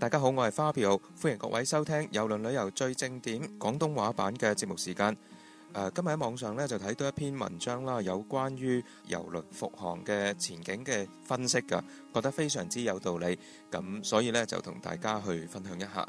大家好，我係花票，歡迎各位收聽遊輪旅遊最正點廣東話版嘅節目時間。誒，今日喺網上咧就睇到一篇文章啦，有關於遊輪復航嘅前景嘅分析噶，覺得非常之有道理咁，所以咧就同大家去分享一下。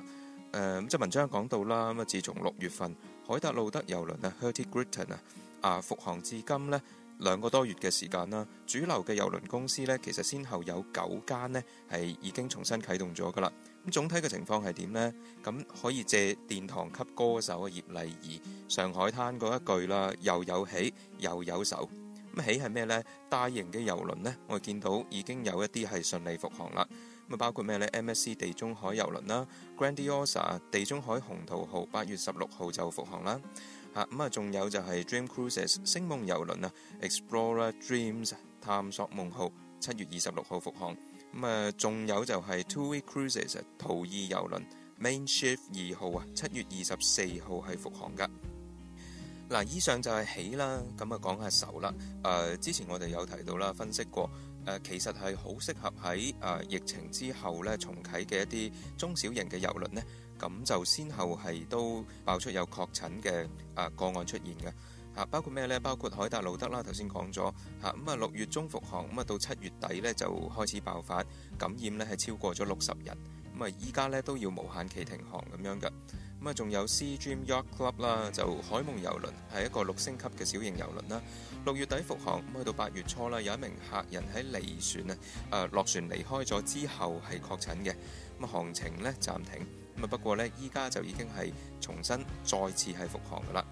誒，咁即係文章講到啦，咁啊，自從六月份海達路德遊輪啊 Hurtigruten 啊啊復航至今咧。兩個多月嘅時間啦，主流嘅遊輪公司呢，其實先後有九間呢，係已經重新啟動咗噶啦。咁總體嘅情況係點呢？咁可以借殿堂級歌手嘅葉麗儀《上海灘》嗰一句啦，又有起又有收。咁起係咩呢？大型嘅遊輪呢，我見到已經有一啲係順利復航啦。咁包括咩呢？MSC 地中海遊輪啦，Grandiosa 地中海紅圖號八月十六號就復航啦。嚇咁啊，仲有就係 Dream Cruises 星夢遊輪啊，Explorer Dreams 探索夢號，七月二十六號復航。咁啊，仲有就係 TUI Cruises 途易遊輪 Mein Schiff 二號啊，七月二十四號係復航噶。嗱，以上就係喜啦，咁啊講下愁啦。誒，之前我哋有提到啦，分析過誒，其實係好適合喺誒疫情之後咧重啓嘅一啲中小型嘅遊輪呢。咁就先後係都爆出有確診嘅啊個案出現嘅嚇，包括咩呢？包括海達魯德啦，頭先講咗嚇。咁啊六月中復航咁啊，到七月底呢，就開始爆發感染呢係超過咗六十人咁啊。依家呢，都要無限期停航咁樣嘅咁啊。仲有 SeaDream Yacht Club 啦，就海夢遊輪係一個六星級嘅小型遊輪啦。六月底復航咁，去到八月初啦，有一名客人喺離船啊，誒落船離開咗之後係確診嘅咁啊，航程呢暫停。咁啊！不過呢，依家就已經係重新再次係復航噶啦。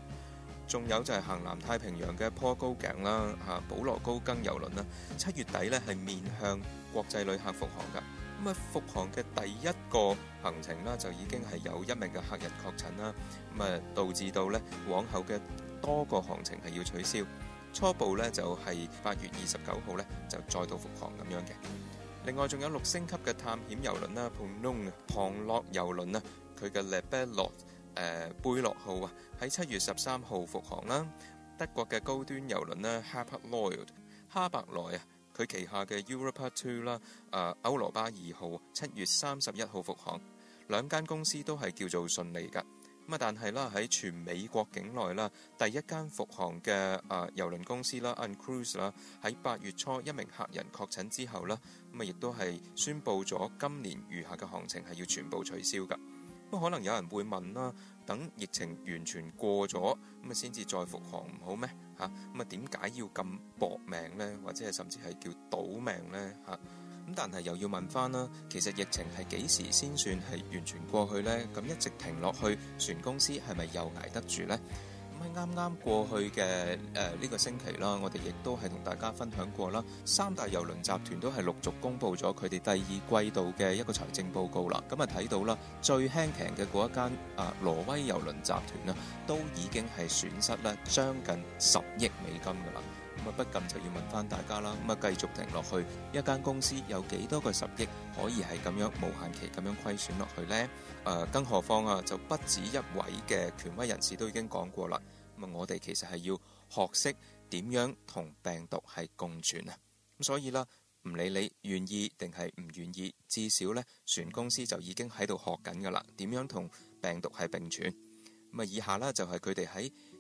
仲有就係行南太平洋嘅坡高頸啦，吓保羅高更遊輪啦，七月底呢，係面向國際旅客復航噶。咁啊，復航嘅第一個行程啦，就已經係有一名嘅客人確診啦，咁啊導致到呢，往後嘅多個行程係要取消。初步呢，就係八月二十九號呢，就再度復航咁樣嘅。另外仲有六星級嘅探險遊輪啦，Ponant 龐洛遊輪啦，佢嘅 Le Bellot 誒貝洛號啊，喺七月十三號復航啦。德國嘅高端遊輪咧，Hapag-Lloyd 哈伯萊啊，佢旗下嘅 Europa II 啦，啊、呃、歐羅巴二號，七月三十一號復航。兩間公司都係叫做順利㗎。咁啊，但係啦，喺全美國境內啦，第一間復航嘅誒遊輪公司啦，UnCruise 啦，喺八月初一名客人確診之後啦，咁啊，亦都係宣布咗今年餘下嘅行程係要全部取消噶。咁可能有人會問啦，等疫情完全過咗，咁啊先至再復航唔好咩？吓、啊？咁啊點解要咁搏命呢？或者係甚至係叫賭命呢？吓、啊？咁但係又要問翻啦，其實疫情係幾時先算係完全過去呢？咁一直停落去，船公司係咪又捱得住呢？咁喺啱啱過去嘅誒呢個星期啦，我哋亦都係同大家分享過啦，三大遊輪集團都係陸續公布咗佢哋第二季度嘅一個財政報告啦。咁啊睇到啦，最輕便嘅嗰一間啊、呃、挪威遊輪集團呢，都已經係損失咧，將近十億美金噶啦。不禁就要問翻大家啦，咁啊繼續停落去一間公司有幾多個十億可以係咁樣無限期咁樣虧損落去呢？誒，更何況啊，就不止一位嘅權威人士都已經講過啦。咁啊，我哋其實係要學識點樣同病毒係共存啊。咁所以啦，唔理你願意定係唔願意，至少呢船公司就已經喺度學緊㗎啦，點樣同病毒係並存。咁啊，以下啦就係佢哋喺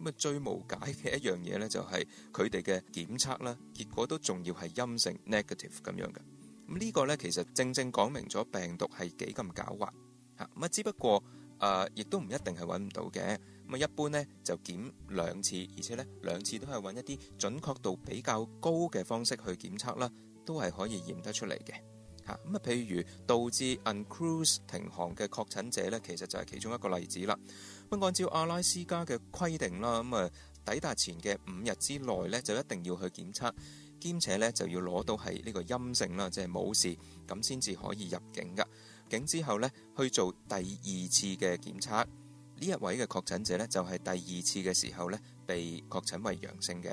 咁最無解嘅一樣嘢咧，就係佢哋嘅檢測啦，結果都仲要係陰性 （negative） 咁樣嘅。咁、這、呢個咧，其實正正講明咗病毒係幾咁狡猾嚇。咁啊，只不過誒、呃，亦都唔一定係揾唔到嘅。咁啊，一般咧就檢兩次，而且咧兩次都係揾一啲準確度比較高嘅方式去檢測啦，都係可以驗得出嚟嘅。嚇咁啊！譬如導致 UnCruise 停航嘅確診者咧，其實就係其中一個例子啦。咁按照阿拉斯加嘅規定啦，咁啊，抵達前嘅五日之內咧，就一定要去檢測，兼且咧就要攞到係呢個陰性啦，即係冇事，咁先至可以入境噶。境之後咧去做第二次嘅檢測，呢一位嘅確診者咧就係第二次嘅時候咧被確診為陽性嘅。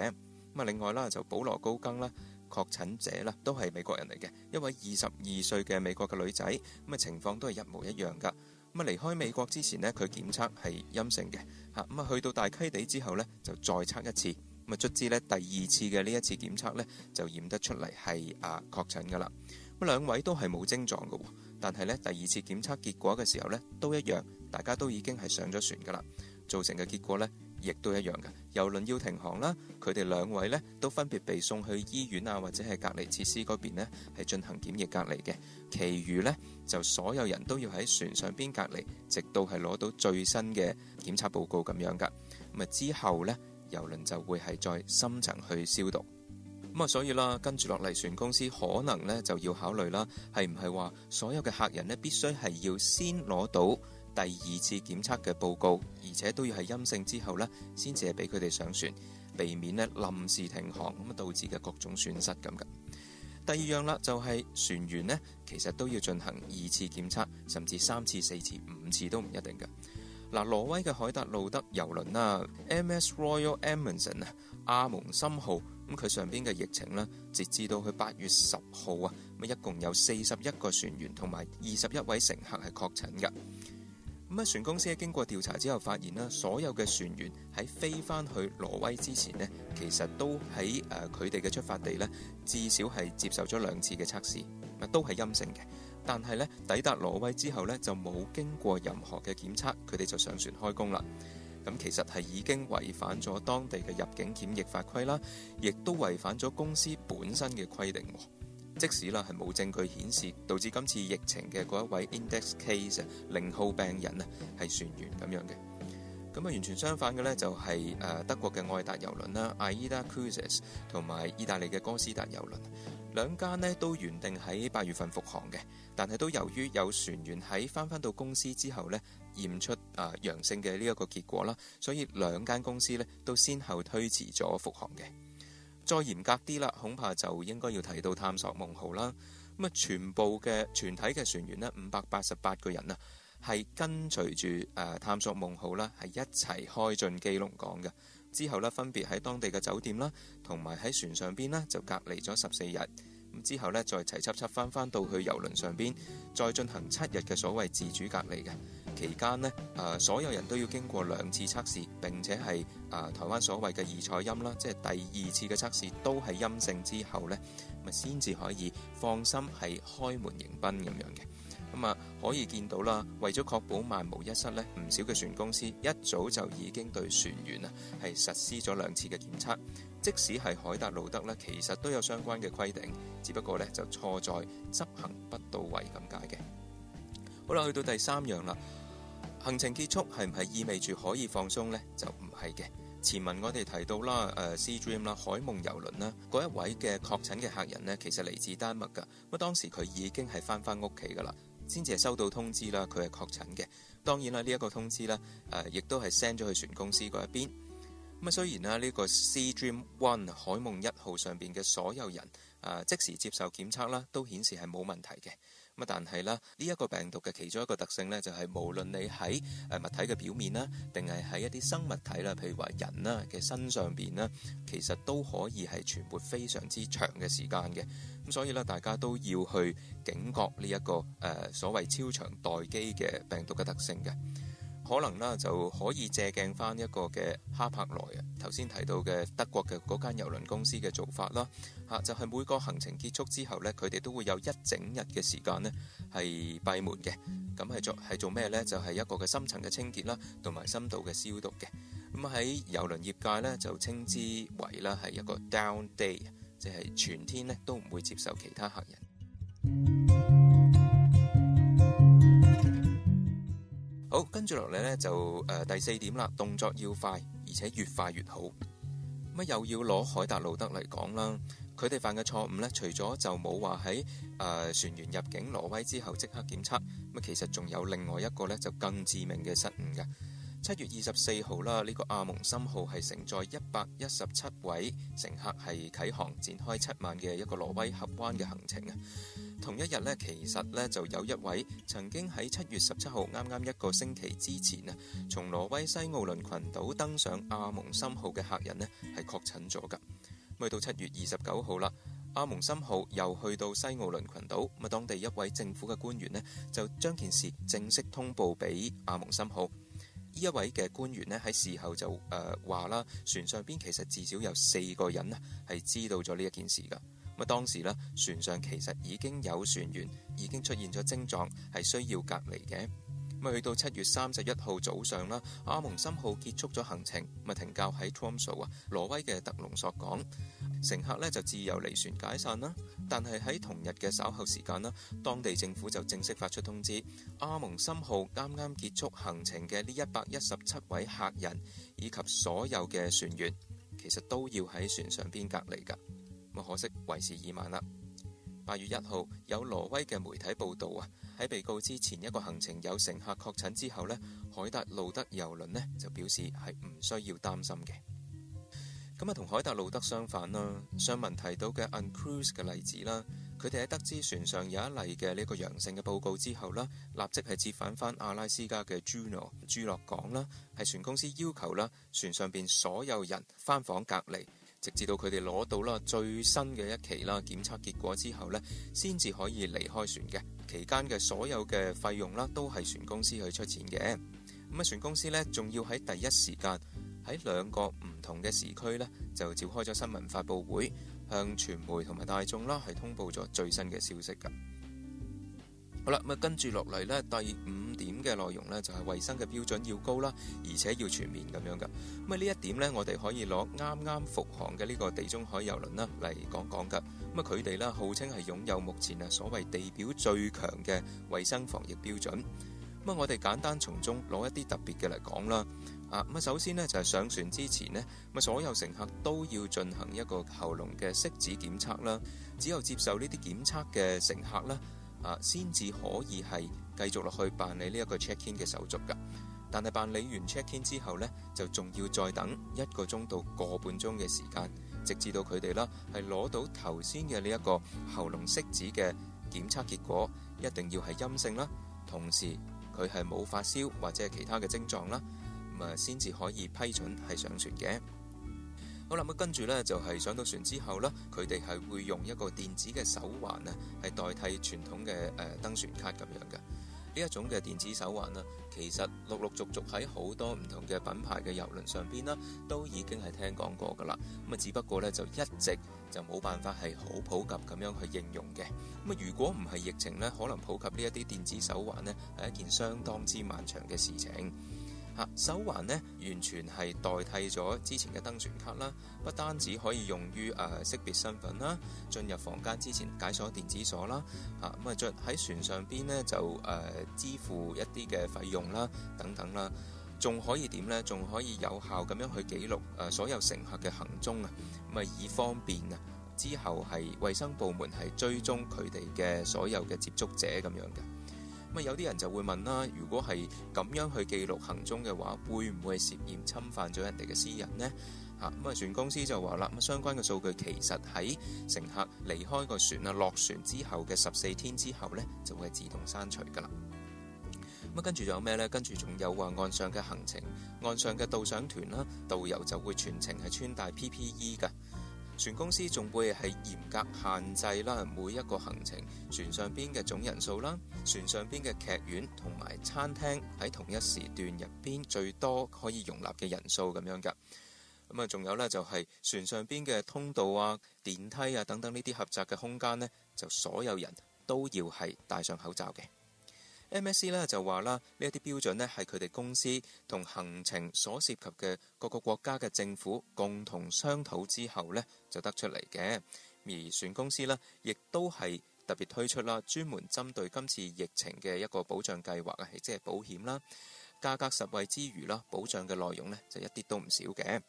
咁啊，另外啦，就保羅高更啦。確診者啦，都係美國人嚟嘅，一位二十二歲嘅美國嘅女仔，咁啊情況都係一模一樣㗎。咁啊離開美國之前咧，佢檢測係陰性嘅，嚇咁啊去到大溪地之後咧，就再測一次，咁啊卒之咧第二次嘅呢一次檢測咧就驗得出嚟係啊確診㗎啦。咁啊兩位都係冇症狀嘅，但係咧第二次檢測結果嘅時候咧都一樣，大家都已經係上咗船㗎啦，造成嘅結果呢。亦都一樣嘅遊輪要停航啦，佢哋兩位呢都分別被送去醫院啊，或者係隔離設施嗰邊呢係進行檢疫隔離嘅，其餘呢，就所有人都要喺船上邊隔離，直到係攞到最新嘅檢測報告咁樣噶。咁啊之後呢，遊輪就會係再深層去消毒。咁啊所以啦，跟住落嚟船公司可能呢就要考慮啦，係唔係話所有嘅客人呢必須係要先攞到。第二次檢測嘅報告，而且都要係陰性之後呢先至係俾佢哋上船，避免呢臨時停航咁啊，導致嘅各種損失咁噶。第二樣啦，就係船員呢，其實都要進行二次檢測，甚至三次、四次、五次都唔一定噶。嗱，挪威嘅海達路德遊輪啦，MS Roald Amundsen 啊，阿蒙森號咁佢上邊嘅疫情呢，直至到去八月十號啊，咁一共有四十一個船員同埋二十一位乘客係確診噶。咁啊，船公司喺經過調查之後發現啦，所有嘅船員喺飛翻去挪威之前咧，其實都喺誒佢哋嘅出發地咧，至少係接受咗兩次嘅測試，都係陰性嘅。但係呢，抵達挪威之後呢，就冇經過任何嘅檢測，佢哋就上船開工啦。咁其實係已經違反咗當地嘅入境檢疫法規啦，亦都違反咗公司本身嘅規定。即使啦，係冇證據顯示導致今次疫情嘅嗰一位 index case 零號病人啊係船員咁樣嘅，咁啊完全相反嘅呢，就係誒德國嘅愛達遊輪啦，Aida Cruises，同埋意大利嘅哥斯達遊輪，兩間呢都原定喺八月份復航嘅，但係都由於有船員喺返返到公司之後呢，驗出啊陽性嘅呢一個結果啦，所以兩間公司呢都先後推遲咗復航嘅。再嚴格啲啦，恐怕就應該要提到探索夢號啦。咁全部嘅全體嘅船員呢，五百八十八個人啊，係跟隨住誒探索夢號啦，係一齊開進基隆港嘅。之後呢，分別喺當地嘅酒店啦，同埋喺船上邊呢，就隔離咗十四日。咁之後呢，再齊插插翻翻到去遊輪上邊，再進行七日嘅所謂自主隔離嘅。期間咧，誒、呃、所有人都要經過兩次測試，並且係誒、呃、台灣所謂嘅二採陰啦，即係第二次嘅測試都係陰性之後呢，咪先至可以放心係開門迎賓咁樣嘅。咁、嗯、啊，可以見到啦，為咗確保萬無一失呢，唔少嘅船公司一早就已經對船員啊係實施咗兩次嘅檢測。即使係海達路德呢，其實都有相關嘅規定，只不過呢就錯在執行不到位咁解嘅。好啦，去到第三樣啦。行程結束係唔係意味住可以放鬆呢？就唔係嘅。前文我哋提到啦，誒、啊、Sea Dream 啦、啊，海夢遊輪啦，嗰一位嘅確診嘅客人呢，其實嚟自丹麥㗎。咁啊，當時佢已經係返返屋企㗎啦，先至係收到通知啦，佢係確診嘅。當然啦，呢、這、一個通知咧，誒、啊、亦都係 send 咗去船公司嗰一邊。咁啊，雖然啦，呢、這個 Sea Dream One 海夢一號上邊嘅所有人，誒、啊、即時接受檢測啦、啊，都顯示係冇問題嘅。咁但係咧，呢一個病毒嘅其中一個特性呢，就係無論你喺誒物體嘅表面啦，定係喺一啲生物體啦，譬如話人啦嘅身上邊啦，其實都可以係存活非常之長嘅時間嘅。咁所以呢，大家都要去警覺呢一個誒所謂超長待機嘅病毒嘅特性嘅。可能啦，就可以借鏡翻一個嘅哈柏萊啊，頭先提到嘅德國嘅嗰間郵輪公司嘅做法啦，吓就係每個行程結束之後呢，佢哋都會有一整日嘅時間呢係閉門嘅，咁係做係做咩呢？就係一個嘅深層嘅清潔啦，同埋深度嘅消毒嘅。咁喺郵輪業界呢，就稱之為啦係一個 down day，即係全天呢都唔會接受其他客人。好，跟住落嚟咧就誒、呃、第四點啦，動作要快，而且越快越好。咁又要攞海達路德嚟講啦，佢哋犯嘅錯誤咧，除咗就冇話喺誒船員入境挪威之後即刻檢測，咁其實仲有另外一個咧，就更致命嘅失誤嘅。七月二十四號啦，呢、呢個阿蒙森號係承載一百一十七位乘客，係啟航展開七晚嘅一個挪威峽灣嘅行程啊。同一日呢，其實呢，就有一位曾經喺七月十七號啱啱一個星期之前啊，從挪威西奧倫群島登上阿蒙森號嘅客人呢，係確診咗噶。去到七月二十九號啦，阿蒙森號又去到西奧倫群島，咁啊當地一位政府嘅官員呢，就將件事正式通報俾阿蒙森號。呢一位嘅官員呢，喺事後就誒話啦，呃、船上邊其實至少有四個人呢，係知道咗呢一件事噶。咁啊當時呢，船上其實已經有船員已經出現咗症狀，係需要隔離嘅。咪去到七月三十一號早上啦，阿蒙森號結束咗行程，咪停靠喺 Tromsø 啊，挪威嘅特隆索港。乘客咧就自由離船解散啦。但係喺同日嘅稍後時間啦，當地政府就正式發出通知，阿蒙森號啱啱結束行程嘅呢一百一十七位客人以及所有嘅船員，其實都要喺船上邊隔離㗎。咁可惜為時已晚啦。八月一號，有挪威嘅媒體報道啊，喺被告知前一個行程有乘客確診之後，呢海達路德郵輪呢就表示係唔需要擔心嘅。咁啊，同海達路德相反啦，上文提到嘅 UnCruise 嘅例子啦，佢哋喺得知船上有一例嘅呢個陽性嘅報告之後啦，立即係折返翻阿拉斯加嘅 Juno 朱諾朱諾港啦，係船公司要求啦，船上邊所有人翻房隔離。直至到佢哋攞到啦最新嘅一期啦檢測結果之後咧，先至可以離開船嘅。期間嘅所有嘅費用啦，都係船公司去出錢嘅。咁啊，船公司咧仲要喺第一時間喺兩個唔同嘅時區咧，就召開咗新聞發布會，向傳媒同埋大眾啦係通報咗最新嘅消息㗎。好啦，咁跟住落嚟咧，第五點嘅內容咧就係衛生嘅標準要高啦，而且要全面咁樣噶。咁啊，呢一點呢，我哋可以攞啱啱復航嘅呢個地中海遊輪啦嚟講講噶。咁啊，佢哋呢，號稱係擁有目前啊所謂地表最強嘅衛生防疫標準。咁我哋簡單從中攞一啲特別嘅嚟講啦。啊，咁首先呢，就係上船之前呢，咁所有乘客都要進行一個喉嚨嘅拭子檢測啦。只有接受呢啲檢測嘅乘客呢，先至，啊，可以係繼續落去辦理呢一個 check in 嘅手續噶，但係辦理完 check in 之後呢，就仲要再等一個鐘到個半鐘嘅時間，直至到佢哋啦係攞到頭先嘅呢一個喉嚨拭子嘅檢測結果，一定要係陰性啦，同時佢係冇發燒或者係其他嘅症狀啦，咁啊先至可以批准係上船嘅。好啦，咁跟住咧就係、是、上到船之後呢，佢哋係會用一個電子嘅手環呢，係代替傳統嘅誒、呃、登船卡咁樣嘅。呢一種嘅電子手環呢，其實陸陸續續喺好多唔同嘅品牌嘅遊輪上邊呢，都已經係聽講過噶啦。咁啊，只不過呢，就一直就冇辦法係好普及咁樣去應用嘅。咁啊，如果唔係疫情呢，可能普及呢一啲電子手環呢，係一件相當之漫長嘅事情。手環呢完全係代替咗之前嘅登船卡啦，不單止可以用於誒、啊、識別身份啦，進入房間之前解鎖電子鎖啦，嚇咁啊，嗯、在喺船上邊呢，就誒、啊、支付一啲嘅費用啦，等等啦，仲、啊、可以點呢？仲可以有效咁樣去記錄誒、啊、所有乘客嘅行蹤啊，咁、嗯、啊以方便啊之後係衞生部門係追蹤佢哋嘅所有嘅接觸者咁樣嘅。咁有啲人就會問啦，如果係咁樣去記錄行蹤嘅話，會唔會涉嫌侵犯咗人哋嘅私隱呢？吓咁啊，船公司就話啦，咁相關嘅數據其實喺乘客離開個船啊，落船之後嘅十四天之後呢，就會自動刪除噶啦、啊。跟住仲有咩呢？跟住仲有話岸上嘅行程，岸上嘅導賞團啦，導遊就會全程係穿戴 P P E 㗎。船公司仲會係嚴格限制啦，每一個行程船上邊嘅總人數啦，船上邊嘅劇院同埋餐廳喺同一時段入邊最多可以容納嘅人數咁樣噶。咁啊，仲有呢，就係船上邊嘅通道啊、電梯啊等等呢啲狹窄嘅空間呢，就所有人都要係戴上口罩嘅。MSC 呢就話啦，呢一啲標準呢係佢哋公司同行程所涉及嘅各個國家嘅政府共同商討之後呢，就得出嚟嘅。而船公司呢，亦都係特別推出啦，專門針對今次疫情嘅一個保障計劃啊，即係保險啦，價格實惠之餘啦，保障嘅內容呢就一啲都唔少嘅。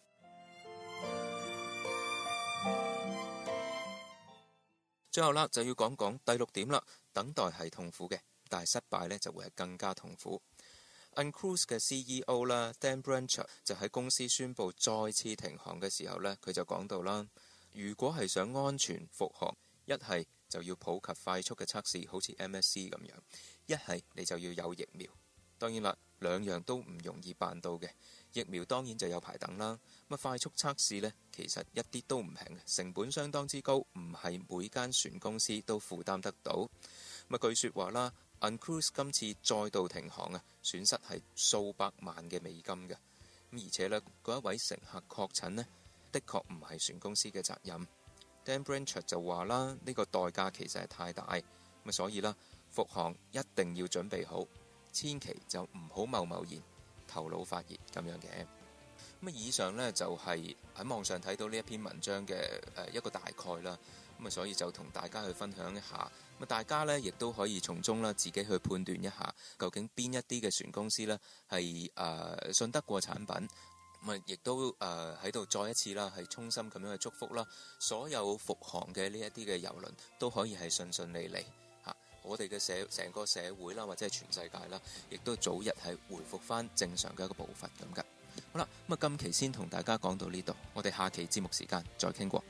最後啦，就要講講第六點啦，等待係痛苦嘅。但係失敗咧就會係更加痛苦。UnCruise 嘅 CEO 啦，Dan Blanchard，就喺公司宣布再次停航嘅時候咧，佢就講到啦：如果係想安全復航，一係就要普及快速嘅測試，好似 M S C 咁樣；一係你就要有疫苗。當然啦，兩樣都唔容易辦到嘅。疫苗當然就有排等啦。乜快速測試呢，其實一啲都唔平，成本相當之高，唔係每間船公司都負擔得到。乜據說話啦？UnCruise 今次再度停航啊，損失係數百萬嘅美金嘅，而且咧，嗰一位乘客確診呢，的確唔係船公司嘅責任。Dan Branch 就話啦，呢個代價其實係太大，咁所以啦，復航一定要準備好，千祈就唔好貿貿然頭腦發熱咁樣嘅。咁以上呢，就係喺網上睇到呢一篇文章嘅誒一個大概啦。咁啊，所以就同大家去分享一下。咁大家呢，亦都可以從中咧自己去判斷一下，究竟邊一啲嘅船公司呢係誒信得過產品。咁啊，亦都誒喺度再一次啦，係衷心咁樣去祝福啦，所有復航嘅呢一啲嘅遊輪都可以係順順利利嚇。我哋嘅社成個社會啦，或者係全世界啦，亦都早日係回復翻正常嘅一個步伐咁噶。好啦，咁啊，今期先同大家講到呢度，我哋下期節目時間再傾過。